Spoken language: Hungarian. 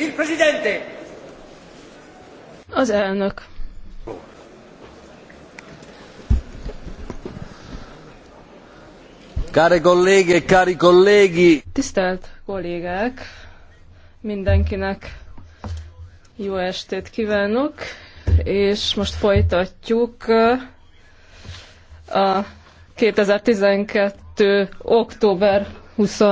Il Presidente! Az elnök. Care e Tisztelt kollégák! Mindenkinek jó estét kívánok, és most folytatjuk uh, a 2012. október 20